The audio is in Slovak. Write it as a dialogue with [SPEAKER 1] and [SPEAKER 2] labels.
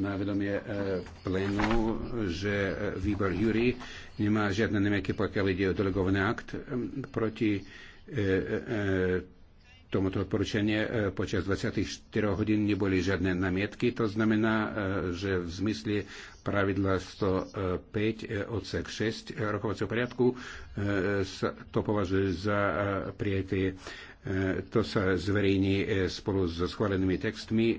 [SPEAKER 1] na vedomie e, plénu, že e, výbor jury nemá žiadne nemeky, pokiaľ ide o delegovaný akt e, proti tomuto odporúčanie počas 24 hodín neboli žiadne namietky. To znamená, že v zmysle pravidla 105 odsek 6 rokovacieho poriadku sa to považuje za prijatie. To sa zverejní spolu so schválenými textmi